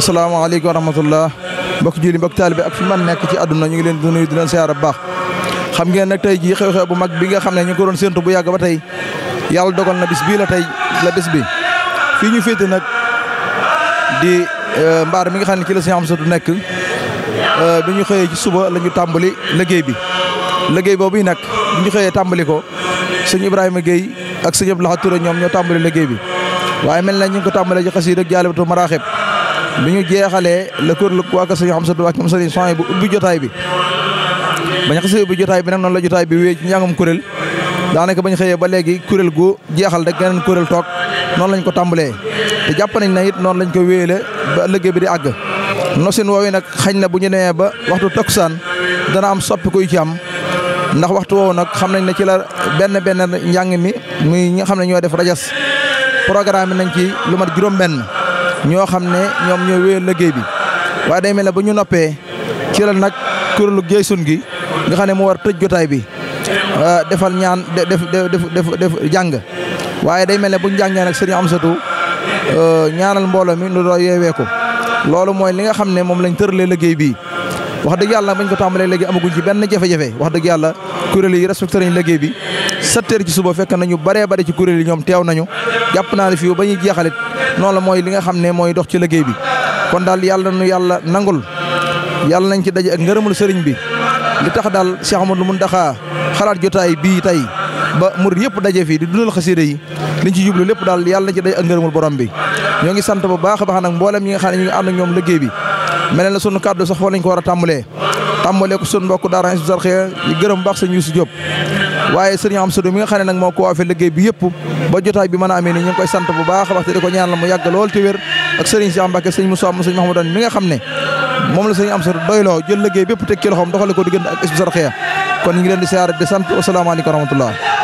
asalaamaaleykum wa rahmatullah mbokk julli mbokk taalibe ak fi man nekk ci àdduna ñu ngi leen di nuyu di leen siyaara bu baax xam ngeen nag tey jii xew-xew bu mag bi nga xam ne ñu ngi ko doon séntu bu yàgg ba tey yàlla dogal na bis bii la tey la bis bi fii ñu féete nag di euh, mbaar mi nga xam ne ci la Sëriñ Amsatu nekk euh, bi ñu xëyee ci suba lañu ñu tàmbali liggéey bi liggéey boobu nag bi ñu xëyee tàmbali ko sëñ Ibrahima géey ak sëñ Abdou Lahad Touré ñoom ñoo tàmbali liggéey bi waaye mel na ñu ngi ko tàmbalee ci xasiida ak jaalibatu maraaxib bi ñu jeexalee la kër la waa kër sëñ Amsatu ak ñoom sëriñ Soñ bu ubbi jotaay bi bañ xasee ubbi jotaay bi noonu la jotaay bi wéy ci njàngum kuréel daanaka bañ xëyee ba léegi kuréel gu jeexal rek geneen kuréel toog noonu lañ ko tàmbalee jàpp nañ na it noonu lañ ko wéyale ba bi di àgg nosin woowu nag xañ na bu ñu nee ba waxtu takkusaan dana am soppi kuy ci am ndax waxtu woowu nag xam nañ ne ci la benn benn njàng mi muy ñi xam ne ñoo def rajas programme nañ ci lu mat juróom-benn ñoo xam ne ñoom ñooy wéyal liggéey bi waaye day mel ne bu ñu noppee ci la nag kuréelu suñ gi nga xam ne moo war tëj jotaay bi euh, defal ñaan def def def jàng waaye day mel ne bu ñu jàngee nag sëriñ Amsatu euh, ñaanal mbooloo mi lu doo yeewee ko loolu mooy li nga xam ne moom lañ tëralee liggéey bi wax dëgg yàlla bañ ko tàmbalee léegi amaguñ ci benn jafe-jafe wax dëgg yàlla kuréel yi respecté nañ liggéey bi sept heures ci suba fekk nañu baree bare ci kuréel yi ñoom teew nañu jàpp naa ne fii ba ñuy jeexalit noonu la mooy li nga xam ne mooy dox ci liggéey bi kon daal yàlla nu yàlla nangul yàlla nañ ci daje ak ngërëmul sëriñ bi li tax daal lu Amadou daxaa xalaat jotaay bii tey ba murid yëpp daje fii di dundal xasida yi liñ ci jublu lépp daal yàlla nañ ci daje ak ngërëmul borom bi ñoo ngi sant bu baax a baax nag mboolem ñi nga xam ne ñu ngi ànd ñoom liggéey bi mel na sunu kàddu sax fa lañ ko war a tàmbalee tàmbalee ko sunu mbokk daara Hizbut Tarqiyyah yi gërëm baax sëñ Youssou Diop waaye sëriñ Amsadu mi nga xam ne nag moo ko waafee liggéey bi yëpp ba jotaay bi mën a amee ni ñu ngi koy sant bu baax a te di ko ñaan mu yàgg lool te wér ak sëriñ Cheikh Mbacke sëriñ Moussa sëriñ Mahmoudane mi nga xam ne moom la sëriñ Amsadu doyloo jël liggéey bépp teg ci loxoom doxale ko diggante ak Hizbut Tarqiyyah kon ñu leen di siyaare di sant wasalaamaaleykum wa rahmatullah